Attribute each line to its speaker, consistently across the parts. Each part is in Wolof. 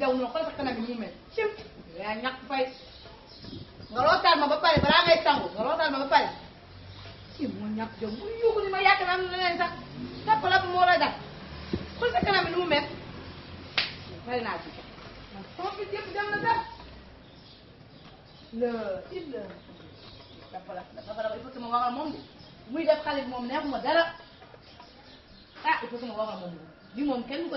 Speaker 1: jaww ñoo xool sa kanam yi mu mel yaa ñàkk fay nga lootaal ma ba pare balaa ngay sangu nga lootaal ma ba pare cim moo ñàkk jaww bu yuuxu ni ma yàq na am na leneen sax topp la moo lay dal sa kanam yi mu mel naa ci man sama fit yëpp dem na sax la dafa la dafa que ma waxal moom de muy def xale bi moom neexuma dara ah il ma waxal moom li moom kenn du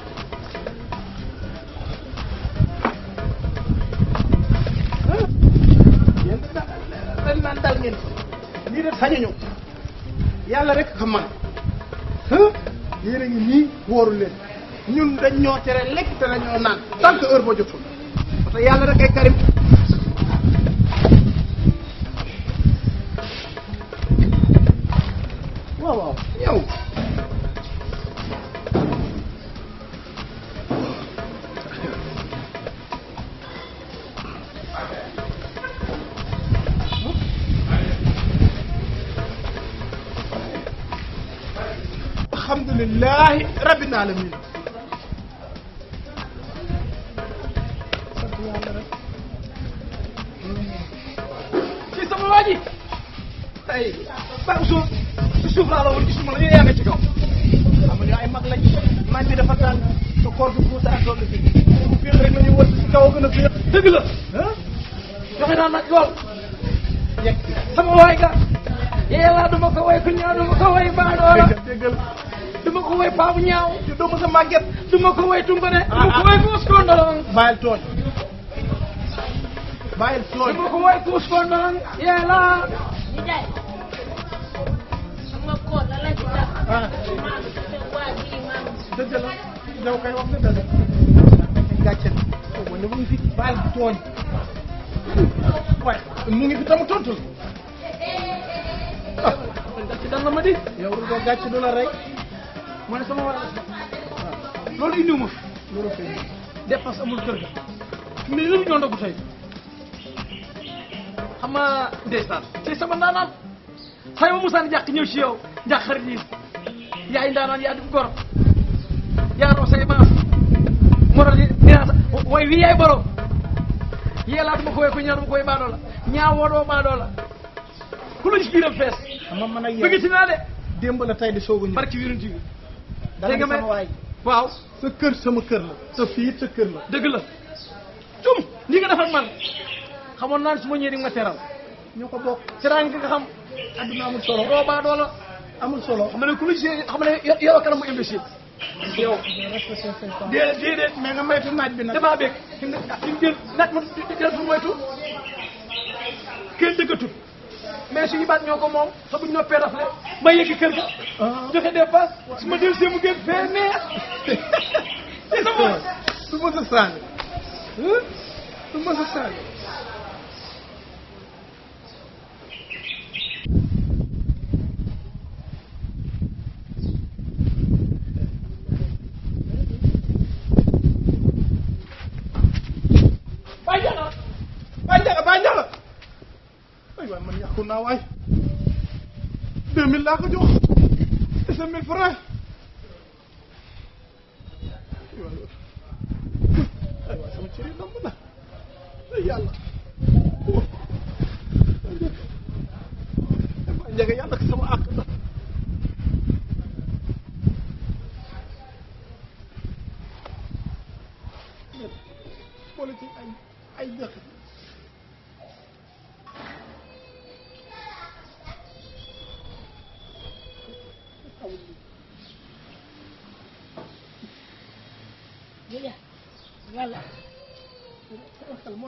Speaker 2: sañuñu yàlla rek ko man yéen a ngi nii wóoru leen ñun dañ ñoo tere lekk te dañoo naan tant que heure boo jotul parce yàlla rek ay karim waaw waaw yow rabbil alamin sant yàlla rek ci sama waa ji ay ba suuf suuf laa la woon gisuma la ñu yaa nga ci kaw xam nga ay mag lañ man bi dafa tànn te koor bi buusa ak loolu fi féex rek la ñu wër ci kaw gën a féex dëgg la joxe naa nag lool sama waay ga yee laa duma ko way ku ñaa duma ko way baadoola du ma ko woy paa bu sa màgget du ma ko woy tumbane. ah ah du ma ko woy kuus kondoloŋ. bàyyil tooñ. bàyyil tooñ du ma ko woy kuus ma ne sama war a def loolu indiw ma fi loolu kay dépense amul kër ga mais lu ñu doon dogg tey xam nga ndeysaan tey sama ndaanaan xay ma musaan jàq ñëw ci yow njàq xarit yi yaay ndaanaan yaa dib gor yaa roosay maas moral yi dinaa sa way wi yaay borom yeelaatuma ko way ko ñaanuma ko way baadoo la ñaawoodoo baadoo la ku la ci biiram fees xam nga man ak yow bëgg ci naa de démb la tey di soogu ñu dégg nga waay waaw sa kër sama kër la sa fii sa kër la dëgg la cum li nga def man xamoon naan su ma ñëwee di ma teral ñu ko bokk teraan nga xam adduna amul solo roobaa doola amul solo xam ne ku lu gisee xam ne yow kanam mu investi yow déedéet déedéet mais nga moytu naaj bi nag damaa bég fi mu jël naaj ma jël fi moytu kenn dëggatul mais suñu baat ñoo ko moom te buñ noppee raf le ma yëg kër ga ah. joxe dépasse su ma del mu gën fee neex c'est ça du ma sa saani du ma sa saani yeeku naa waay deux mille laa ko jox te sa mille francs waaye sama cër yi lamb
Speaker 1: na yàlla ma njege yàlla ak sama àq la
Speaker 2: politique ay ay jax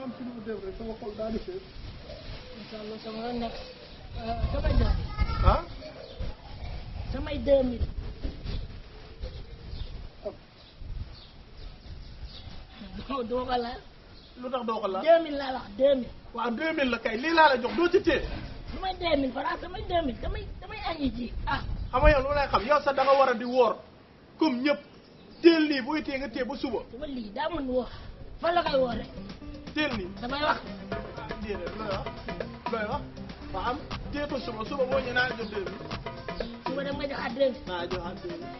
Speaker 2: am ci lu mu dem rek sama xol daal di fees. incha allah sama la nekk euh, sama jaay. ah.
Speaker 1: samay deux mille. doo oh. doo ko laal. lu tax
Speaker 2: doo ko laal laa wax deux mille. la kay lii laa la jox doo ci te
Speaker 1: samay deux mille par samay deux mille
Speaker 2: damay damay añi ji ah. xam nga yow lu lay xam yow sax da nga war a di woor comme ñëpp teel lii booy téye nga téye ba suba. suba lii daa mën woor fa la koy wooree. teel nii. damay wax. déedéet looy wax looy wax ba am téye ko suba suba boo ñëwee naa la jox deux mille. suba dama jox adresse. waaw jox adresse.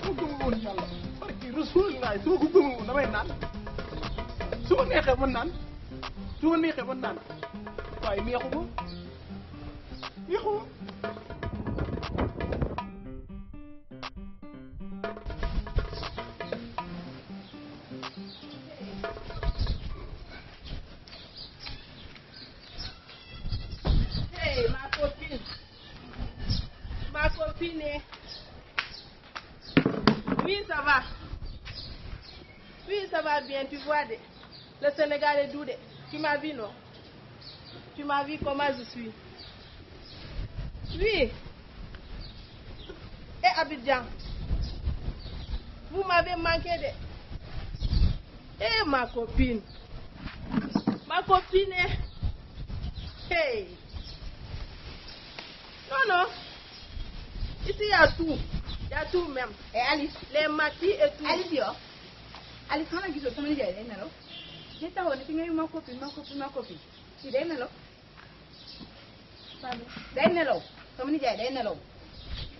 Speaker 2: su ma gëmul woon yàlla barki rasulullaay su ma ko gëmul woon damay naan su ma neexee mën naan su ma neexee mën naan. waaye mi yàqu ko mi yàqu ko
Speaker 1: Oui, ça va. Oui, ça va bien, tu vois. Le Sénégal est doux. Tu m'as vu, non Tu m'as vu comment je suis. Oui. Et eh, Abidjan. Vous m'avez manqué de. Et eh, ma copine. Ma copine est. Non, non. Ici, il y a tout. Il a tout même. Et Alice Les maquis et tout. Alice, yo. Alice, comment est-ce que tu as dit que tu as dit que tu as dit que tu as dit que tu as dit que tu day nelaw sama nijaay day nelaw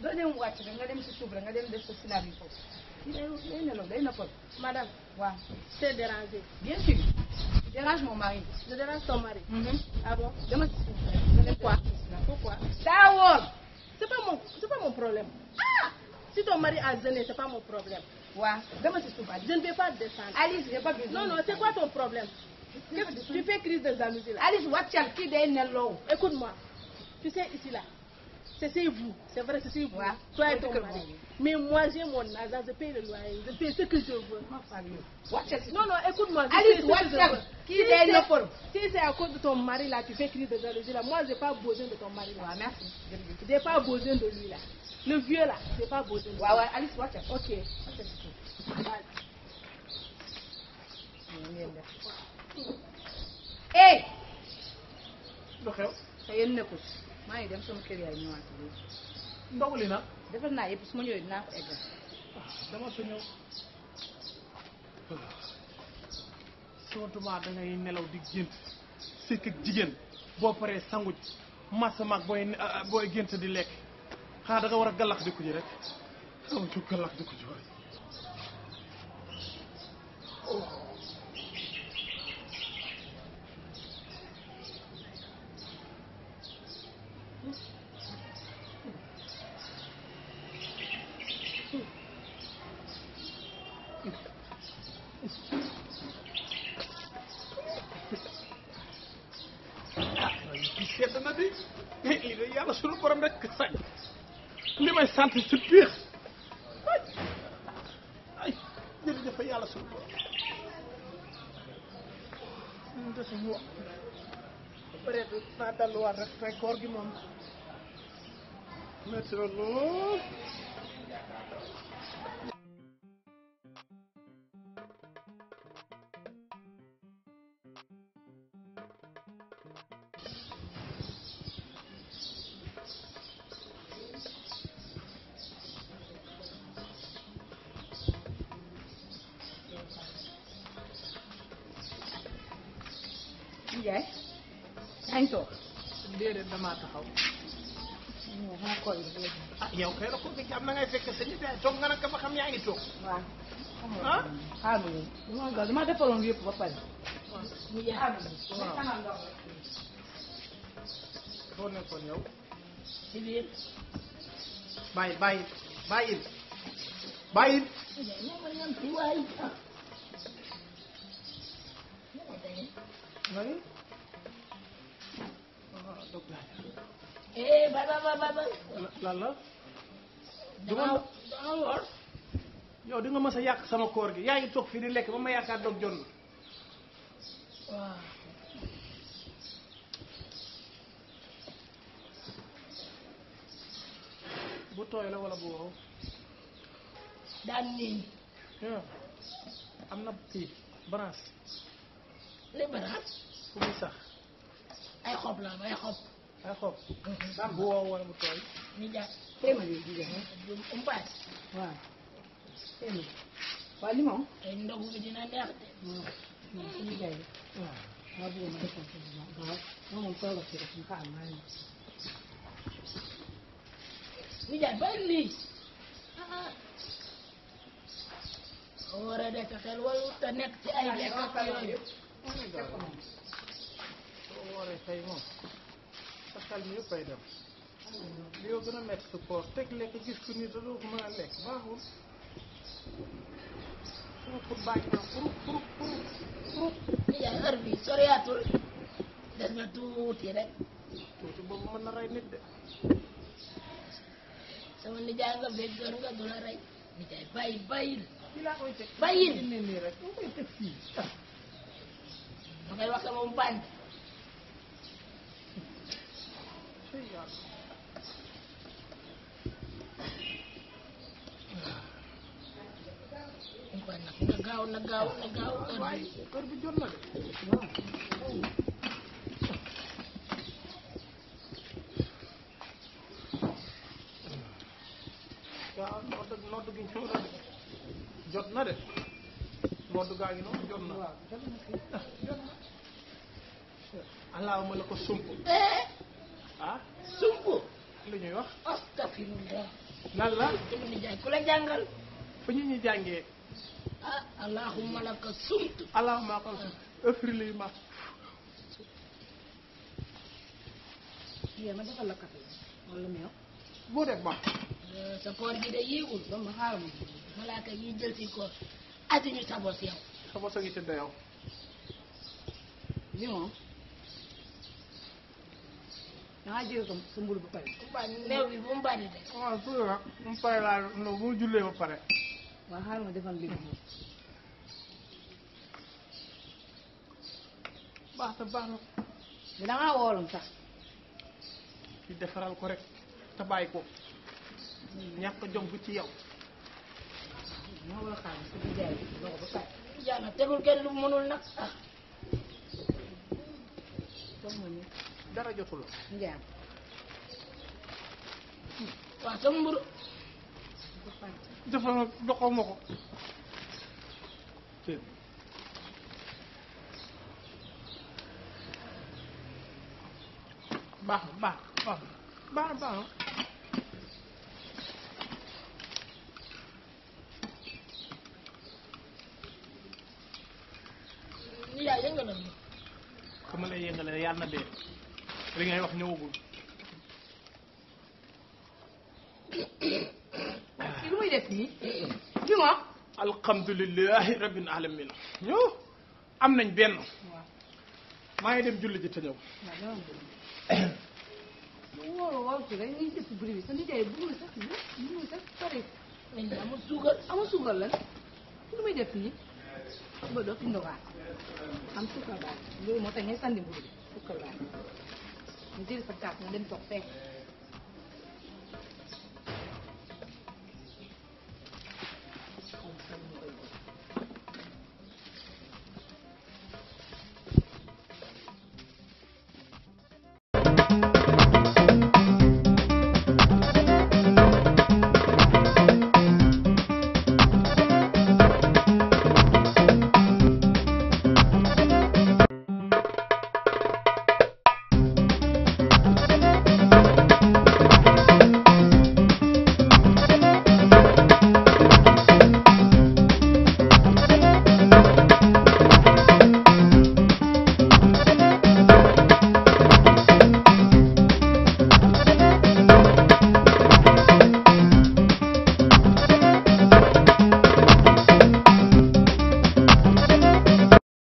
Speaker 1: doo dem wàcc rek nga dem si suuf rek nga dem def sa sinaar yi foofu kii day day nelaw day noppal. madame waaw c'est dérangé. bien sûr dérange mon mari. je dérange ton mari. Mhm. ah bon dama si suuf rek nga dem quoi pourquoi. daa woor c'est pas mon c'est pas mon problème ah si ton mari a jeûné c'est pas mon problème. waaw dama si suuf Alice. je ne vais pas descendre. Alice j'ai non non c'est quoi ton problème. tu fais crise de jalousie là. Alice wàccal kii day nelaw. écoute-moi. tu sais ici là c'est chez vous c'est vrai c'est chez vous. Ouais, toi et ton mari mais moi j'ai mon argent je paye le loyer je paye ce que je veux. non non écoute-moi. Alice wàccal kii day nëppalu si c'est à cause de ton mari là tu fais crise de jalousie là moi j'ai pas besoin de ton mari là. Ouais, merci jërëjëf j'ai pas besoin de lui là le vieux là j'ai pas besoin. waaw waaw ouais, Alice wàccal. ok wàccal. eh. lu xew. te yéen nekkul. maa ngi dem sama kër li nag. defal naa yëpp su ma ñëwee dinaa ko eggal. ah nelaw di gént sëkk ak jigéen
Speaker 2: boo paree sangu ji massa mag booy ah, ah, booy gént di lekk xanaa da war a galax di ko ji rek xaw ma jóg galax di ko ji waay de lii li may sant si biir ay ay jërëjëf yàlla sunu borom ñun de suñu wax peut-être naa delluwaat rek tey moom métti na
Speaker 1: Ndiaye yaa ngi toog. déedéet damaa taxaw. non maa koy
Speaker 2: ah yow kay la ko fi am na ngay fekk sa nijaay eh, toog nga naka ba xam yaa ngi toog. waaw. ah
Speaker 1: xaaral ma yéen damaa gaaw damaa defaroon yëpp ba pare. foo nekkoon yow. ci biir. bàyyi
Speaker 2: bàyyi bàyyi bàyyi. bàyyi.
Speaker 1: eh ba ba ba
Speaker 2: ba. koor gi yaa ngi toog lekk ba ma yaakaar dog wala bu daan nii. am na kii branche. li branche. fu muy sax. ay
Speaker 1: xob la am ay xob. ay bu wow wala mu tooy. ñu jaar téeméer bi ñu um paas. waaw téeméer. waaw li moom. bi dina neex de. waaw suñu jaay waaw. waaw bëgg naa ko waaw moom moom toogal si rek nga xam maa ngi. ñu jaar ba lii. war a nekk xel wala nekk ci ay lekk ak yooyu.
Speaker 2: wooree tey moom sa xel mi yëpp ay dem li yow gën a métti sa koor teg lekk gis ku ni da doo ko a lekk baaxul pour pour bàyyi naa pour
Speaker 1: pour pour pour heure bi soriatul des na tuuti rek tuuti boobu mën na rey nit de sama nijaay nga béggoon nga du la rey nijaay bàyyi bàyyil bàyyil nii rek ma koy teg fii ma koy wax sama bànn Plusieurs. waaw na gaaw na gaaw jot
Speaker 2: na de nodd gi ñëw de jot na de nodd gaa ngi noonu jot na. jot na kay jot na. allahuma
Speaker 1: ah Sonko. lu ñuy wax. astafirullah. la. ñu jaay ku la jàngal. fu ñu ñu jàngee. ah allahumma laka
Speaker 2: sumtu. allahumma laka sumtu afir ah. lii ma.
Speaker 1: yéen a defal la café wala meew. bu def ba. Euh, sa koor gi de yéegul ba ma xaaral ma malaaka yi jël si koor ñu sabos yow.
Speaker 2: sabos a ngi tëdd yow.
Speaker 1: ni moom. dangaa jël ko sumbul ba pare. meew bi bu mu bari de. Ah,
Speaker 2: mu pare laa mu baax na baax na. mais dangaa woolum sax. di defaral ko rek te bàyyi ko.
Speaker 1: ñàkk jom bu ci yaw maa ngi tegul kenn lu mënul nag dara jotul njaam waaw mburu
Speaker 2: dafa doxoo ma ko baax baax baax baax baax yaa yëngal na ku ma lay yëngalee yàlla na dee. li ngay wax ñëwagul.
Speaker 1: kii lu muy def nii. juma.
Speaker 2: alhamdulilahi alamin ñoo am nañ benn. maa ngi dem julli ji te ñëw.
Speaker 1: waaw waaw ci rek ñu def bruit bi sa nijaay bëggul sax bëggul sax pare. amul suugal amul suugal lan lu muy def nii. suba am suukar baax loolu moo tax ngay sànni mburu bi suukar Hindi, pagkat na din po,